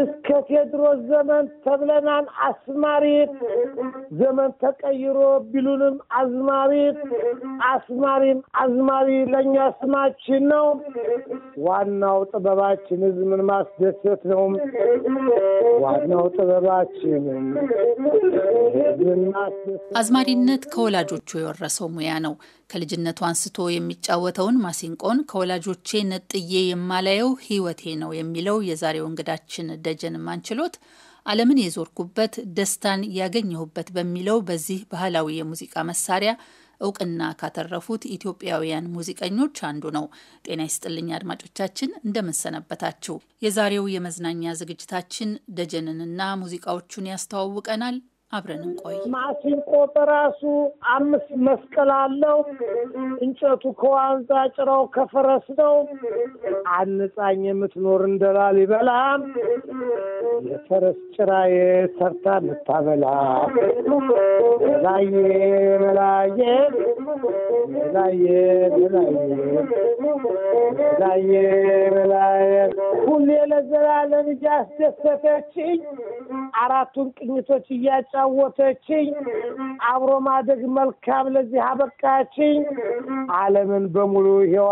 እስከ ቴድሮስ ዘመን ተብለናን አስማሪት። ዘመን ተቀይሮ ቢሉንም አዝማሪት አስማሪም አዝማሪ ለእኛ ስማችን ነው። ዋናው ጥበባችን ህዝብን ማስደሰት ነው። ዋናው ጥበባችን ሕዝብን ማስደሰት። አዝማሪነት ከወላጆቹ የወረሰው ሙያ ነው። ከልጅነቱ አንስቶ የሚጫወተውን ማሲንቆን ከወላጆቼ ነጥዬ የማላየው ሕይወቴ ነው የሚለው የዛሬው እንግዳችን ደጀን ማንችሎት ዓለምን የዞርኩበት ደስታን ያገኘሁበት በሚለው በዚህ ባህላዊ የሙዚቃ መሳሪያ እውቅና ካተረፉት ኢትዮጵያውያን ሙዚቀኞች አንዱ ነው። ጤና ይስጥልኝ አድማጮቻችን፣ እንደምንሰነበታችሁ። የዛሬው የመዝናኛ ዝግጅታችን ደጀንንና ሙዚቃዎቹን ያስተዋውቀናል። አብረን እንቆይ። ማሲንቆ በራሱ አምስት መስቀል አለው። እንጨቱ ከዋንዛ ጭራው ከፈረስ ነው። አንጻኝ የምትኖር እንደ ላሊበላ የፈረስ ጭራ የሰርታ ምታበላ። በላዬ በላዬ በላዬ በላዬ ሁሌ ለዘላለም እያስደሰተችኝ አራቱን ቅኝቶች እያጫወተችኝ አብሮ ማደግ መልካም ለዚህ አበቃችኝ ዓለምን በሙሉ ይኸዋ።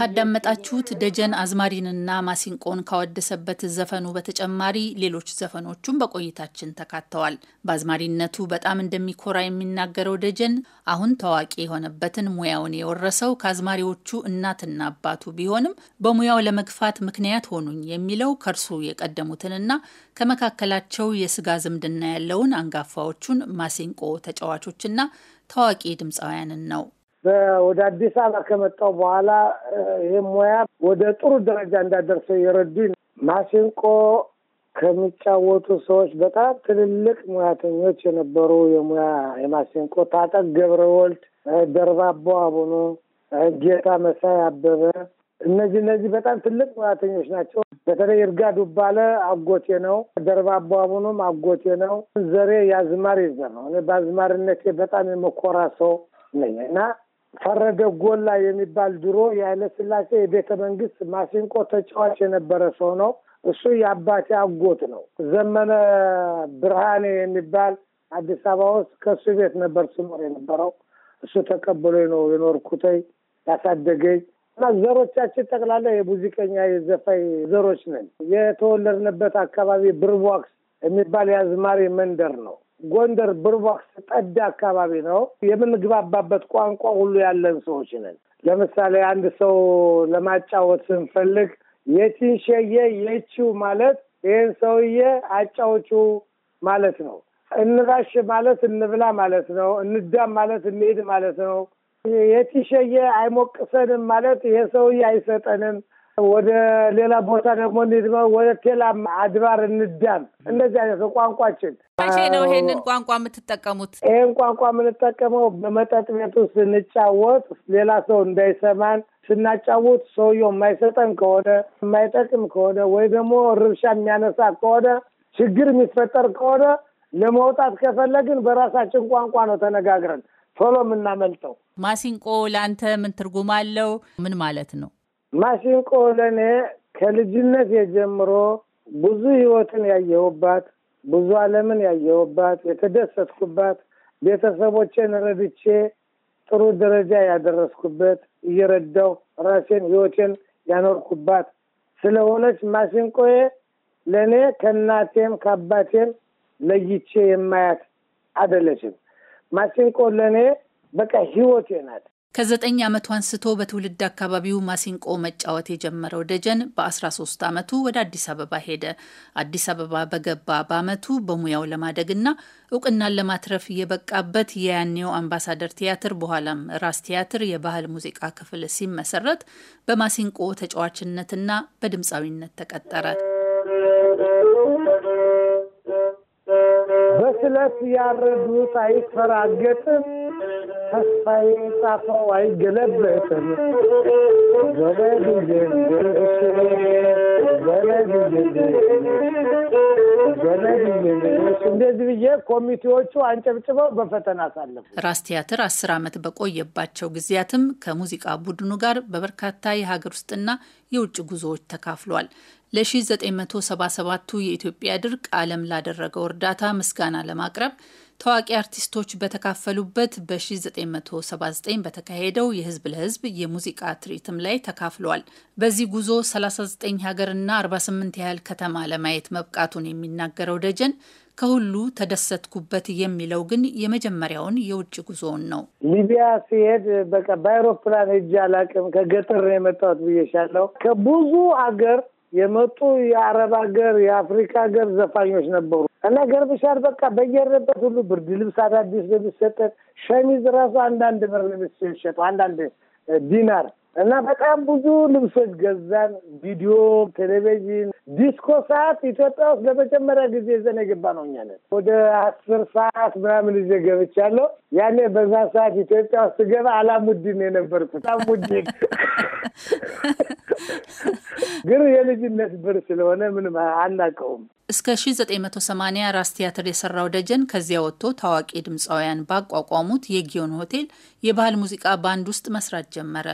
ካዳመጣችሁት ደጀን አዝማሪንና ማሲንቆን ካወደሰበት ዘፈኑ በተጨማሪ ሌሎች ዘፈኖቹም በቆይታችን ተካተዋል። በአዝማሪነቱ በጣም እንደሚኮራ የሚናገረው ደጀን አሁን ታዋቂ የሆነበትን ሙያውን የወረሰው ከአዝማሪዎቹ እናትና አባቱ ቢሆንም በሙያው ለመግፋት ምክንያት ሆኑኝ የሚለው ከእርሱ የቀደሙትንና ከመካከላቸው የስጋ ዝምድና ያለውን አንጋፋዎቹን ማሲንቆ ተጫዋቾችና ታዋቂ ድምፃውያንን ነው። ወደ አዲስ አበባ ከመጣው በኋላ ይህ ሙያ ወደ ጥሩ ደረጃ እንዳደርሰው የረዱኝ ማሲንቆ ከሚጫወቱ ሰዎች በጣም ትልልቅ ሙያተኞች የነበሩ የሙያ የማሲንቆ ታጠቅ ገብረወልድ፣ ደርባቦ አቡኑ፣ ጌታ መሳይ አበበ እነዚህ እነዚህ በጣም ትልቅ ሙያተኞች ናቸው። በተለይ እርጋ ዱባለ አጎቴ ነው። ደርባቦ አቡኑም አጎቴ ነው። ዘሬ የአዝማሪ ዘር ነው። እኔ በአዝማሪነቴ በጣም የመኮራ ሰው ነኝ እና ፈረደ ጎላ የሚባል ድሮ ስላሴ የቤተ መንግስት ማሲንቆ ተጫዋች የነበረ ሰው ነው። እሱ የአባቴ አጎት ነው። ዘመነ ብርሃኔ የሚባል አዲስ አበባ ውስጥ ከእሱ ቤት ነበር ስኖር የነበረው። እሱ ተቀብሎኝ ነው የኖርኩተኝ ያሳደገኝ እና ዘሮቻችን ጠቅላላ የሙዚቀኛ የዘፋኝ ዘሮች ነን። የተወለድንበት አካባቢ ብርቧክስ የሚባል የአዝማሪ መንደር ነው። ጎንደር ብርቧክስ ጠዳ አካባቢ ነው። የምንግባባበት ቋንቋ ሁሉ ያለን ሰዎች ነን። ለምሳሌ አንድ ሰው ለማጫወት ስንፈልግ የቺን ሸየ የቺው ማለት ይህን ሰውዬ አጫዎቹ ማለት ነው። እንራሽ ማለት እንብላ ማለት ነው። እንዳም ማለት እንሄድ ማለት ነው። የቺ አይሞቅሰንም ማለት ይሄ ሰውዬ አይሰጠንም ወደ ሌላ ቦታ ደግሞ ወደ ቴላ አድባር እንዳም እንደዚህ አይነት ቋንቋችን መቼ ነው ይሄንን ቋንቋ የምትጠቀሙት? ይህን ቋንቋ የምንጠቀመው በመጠጥ ቤቱ ስንጫወት ሌላ ሰው እንዳይሰማን ስናጫውት ሰውየው የማይሰጠን ከሆነ የማይጠቅም ከሆነ ወይ ደግሞ ርብሻ የሚያነሳ ከሆነ ችግር የሚፈጠር ከሆነ ለመውጣት ከፈለግን በራሳችን ቋንቋ ነው ተነጋግረን ቶሎ የምናመልጠው። ማሲንቆ ለአንተ ምን ትርጉም አለው? ምን ማለት ነው? ማሲንቆ ለእኔ ከልጅነት የጀምሮ ብዙ ህይወትን ያየሁባት፣ ብዙ ዓለምን ያየሁባት፣ የተደሰትኩባት፣ ቤተሰቦቼን ረድቼ ጥሩ ደረጃ ያደረስኩበት፣ እየረዳው ራሴን ህይወቴን ያኖርኩባት ስለሆነች ማሲንቆዬ ለእኔ ከእናቴም ከአባቴም ለይቼ የማያት አይደለችም። ማሲንቆ ለእኔ በቃ ህይወቴ ናት። ከዘጠኝ ዓመቱ አንስቶ በትውልድ አካባቢው ማሲንቆ መጫወት የጀመረው ደጀን በ13 ዓመቱ ወደ አዲስ አበባ ሄደ። አዲስ አበባ በገባ በዓመቱ በሙያው ለማደግና እውቅናን ለማትረፍ የበቃበት የያኔው አምባሳደር ቲያትር በኋላም ራስ ቲያትር የባህል ሙዚቃ ክፍል ሲመሰረት በማሲንቆ ተጫዋችነትና በድምፃዊነት ተቀጠረ። በስለት ያረዱት አይፈራገጥም ተስፋዬ ጻፈው አይገለበትም። እንደዚህ ብዬ ኮሚቴዎቹ አንጨብጭበው በፈተና አሳለፉ። ራስ ቲያትር አስር ዓመት በቆየባቸው ጊዜያትም ከሙዚቃ ቡድኑ ጋር በበርካታ የሀገር ውስጥና የውጭ ጉዞዎች ተካፍሏል። ለ1977ቱ የኢትዮጵያ ድርቅ ዓለም ላደረገው እርዳታ ምስጋና ለማቅረብ ታዋቂ አርቲስቶች በተካፈሉበት በ1979 በተካሄደው የህዝብ ለህዝብ የሙዚቃ ትርኢትም ላይ ተካፍለዋል። በዚህ ጉዞ 39 ሀገርና 48 ያህል ከተማ ለማየት መብቃቱን የሚናገረው ደጀን ከሁሉ ተደሰትኩበት የሚለው ግን የመጀመሪያውን የውጭ ጉዞውን ነው። ሊቢያ ሲሄድ በቃ በአይሮፕላን ሄጄ አላቅም። ከገጠር ነው የመጣሁት ብዬሻለሁ። ከብዙ አገር የመጡ የአረብ ሀገር የአፍሪካ ሀገር ዘፋኞች ነበሩ እና ገርብሻል በቃ በየረበት ሁሉ ብርድ ልብስ አዳዲስ ነው የሚሰጠን። ሸሚዝ ራሱ አንዳንድ ብር ነው የሚሸጠው፣ አንዳንድ ዲናር እና በጣም ብዙ ልብሶች ገዛን። ቪዲዮ፣ ቴሌቪዥን፣ ዲስኮ ሰዓት ኢትዮጵያ ውስጥ ለመጀመሪያ ጊዜ ይዘን የገባ ነው እኛ ነን። ወደ አስር ሰዓት ምናምን ይዤ ገብቻለሁ። ያኔ በዛ ሰዓት ኢትዮጵያ ውስጥ ገባ አላሙዲን የነበርኩት አላሙዲን ግን የልጅነት ብር ስለሆነ ምንም አናውቀውም። እስከ 1980 ራስ ቲያትር የሰራው ደጀን ከዚያ ወጥቶ ታዋቂ ድምፃውያን ባቋቋሙት የጊዮን ሆቴል የባህል ሙዚቃ ባንድ ውስጥ መስራት ጀመረ።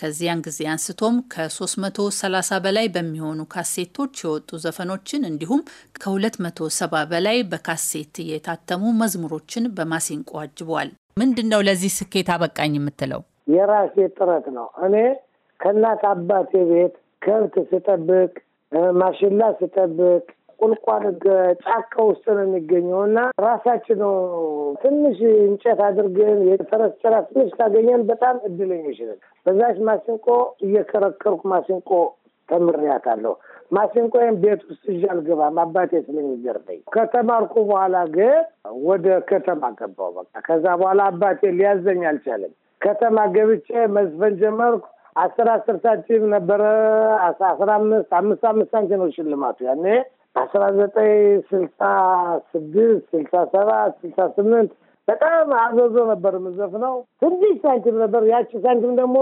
ከዚያን ጊዜ አንስቶም ከ330 በላይ በሚሆኑ ካሴቶች የወጡ ዘፈኖችን እንዲሁም ከ270 በላይ በካሴት የታተሙ መዝሙሮችን በማሲንቆ አጅቧል። ምንድን ነው ለዚህ ስኬት አበቃኝ የምትለው? የራሴ ጥረት ነው። እኔ ከእናት አባቴ ቤት ከብት ስጠብቅ፣ ማሽላ ስጠብቅ ቁልቋል ጫካ ውስጥ ነው የሚገኘው እና ራሳችን ነው ትንሽ እንጨት አድርገን የፈረስ ጭራ ትንሽ ካገኘን በጣም እድለኞች ነን። በዛች ማሲንቆ እየከረከርኩ ማሲንቆ ተምሬያታለሁ። ወይም ቤት ውስጥ ይዤ አልገባም አባቴ ስለሚገርመኝ። ከተማርኩ በኋላ ግን ወደ ከተማ ገባው በቃ ከዛ በኋላ አባቴ ሊያዘኝ አልቻለም። ከተማ ገብቼ መዝፈን ጀመርኩ። አስር አስር ሳንቲም ነበረ አስራ አምስት አምስት አምስት ሳንቲም ነው ሽልማቱ ያኔ አስራ ዘጠኝ ስልሳ ስድስት ስልሳ ሰባት ስልሳ ስምንት በጣም አዘዞ ነበር የምዘፍነው። ትንሽ ሳንቲም ነበር። ያቺ ሳንቲም ደግሞ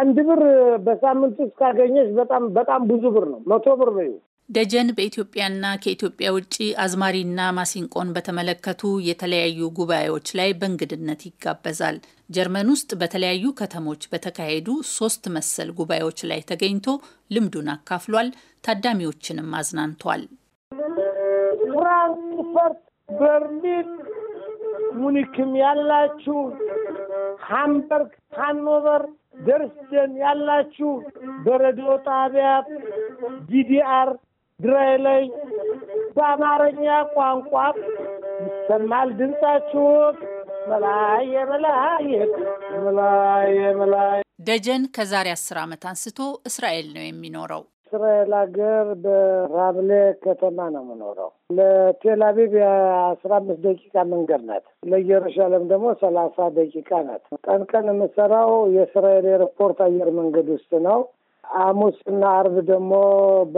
አንድ ብር በሳምንት ውስጥ ካገኘች በጣም በጣም ብዙ ብር ነው፣ መቶ ብር ነው። ደጀን በኢትዮጵያና ከኢትዮጵያ ውጭ አዝማሪና ማሲንቆን በተመለከቱ የተለያዩ ጉባኤዎች ላይ በእንግድነት ይጋበዛል። ጀርመን ውስጥ በተለያዩ ከተሞች በተካሄዱ ሶስት መሰል ጉባኤዎች ላይ ተገኝቶ ልምዱን አካፍሏል፣ ታዳሚዎችንም አዝናንቷል። ፍራንክፈርት፣ በርሊን፣ ሙኒክም ያላችሁ ሃምበርግ፣ ሃኖቨር፣ ደርስደን ያላችሁ በሬዲዮ ጣቢያ ዲዲአር ድራይ ላይ በአማርኛ ቋንቋ ይሰማል ድምጻችሁ። መላየ መላየ መላየ መላየ ደጀን ከዛሬ አስር ዓመት አንስቶ እስራኤል ነው የሚኖረው። በእስራኤል ሀገር በራብሌ ከተማ ነው የምኖረው። ለቴል አቪቭ የአስራ አምስት ደቂቃ መንገድ ናት። ለኢየሩሻሌም ደግሞ ሰላሳ ደቂቃ ናት። ቀን ቀን የምሰራው የእስራኤል ኤርፖርት አየር መንገድ ውስጥ ነው። ሐሙስ እና አርብ ደግሞ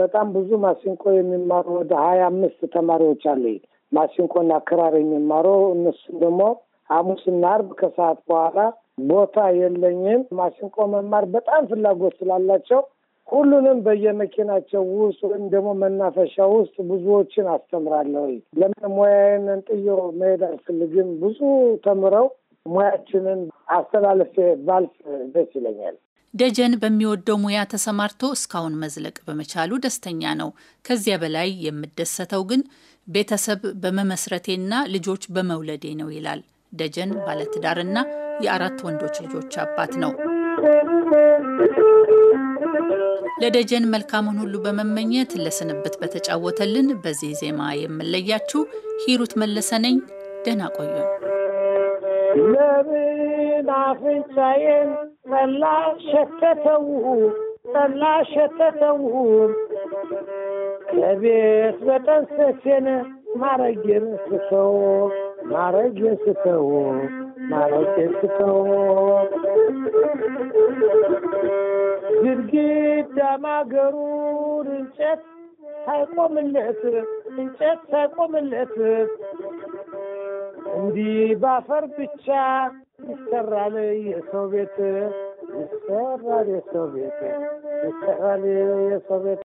በጣም ብዙ ማሲንቆ የሚማሩ ወደ ሀያ አምስት ተማሪዎች አለኝ ማሲንቆና ክራር የሚማሩ እነሱ ደግሞ እና አርብ ከሰዓት በኋላ ቦታ የለኝም። ማሲንቆ መማር በጣም ፍላጎት ስላላቸው ሁሉንም በየመኪናቸው ውስጥ ወይም ደግሞ መናፈሻ ውስጥ ብዙዎችን አስተምራለሁ። ለምን ሙያዬን ጥዮ መሄድ አልፈልግም። ብዙ ተምረው ሙያችንን አስተላልፌ ባልፍ ደስ ይለኛል። ደጀን በሚወደው ሙያ ተሰማርቶ እስካሁን መዝለቅ በመቻሉ ደስተኛ ነው። ከዚያ በላይ የምደሰተው ግን ቤተሰብ በመመስረቴና ልጆች በመውለዴ ነው ይላል። ደጀን ባለትዳርና የአራት ወንዶች ልጆች አባት ነው። ለደጀን መልካሙን ሁሉ በመመኘት ለስንብት በተጫወተልን በዚህ ዜማ የምለያችሁ ሂሩት መለሰ ነኝ። ደህና ቆዩ። ለምን አፍንጫዬን ጠላ ሸተተው ጠላ ሸተተው ከቤት በጠንሰሴን ማረጌን ስተው ማረጌን ስተው ማረጌን ስተው ግድግዳ ማገሩን እንጨት ሳይቆምለት እንጨት ሳይቆምለት እንዲህ ባፈር ብቻ ይሰራል የሰው ቤት ይሰራል የሰው ቤት ይሰራል የሰው ቤት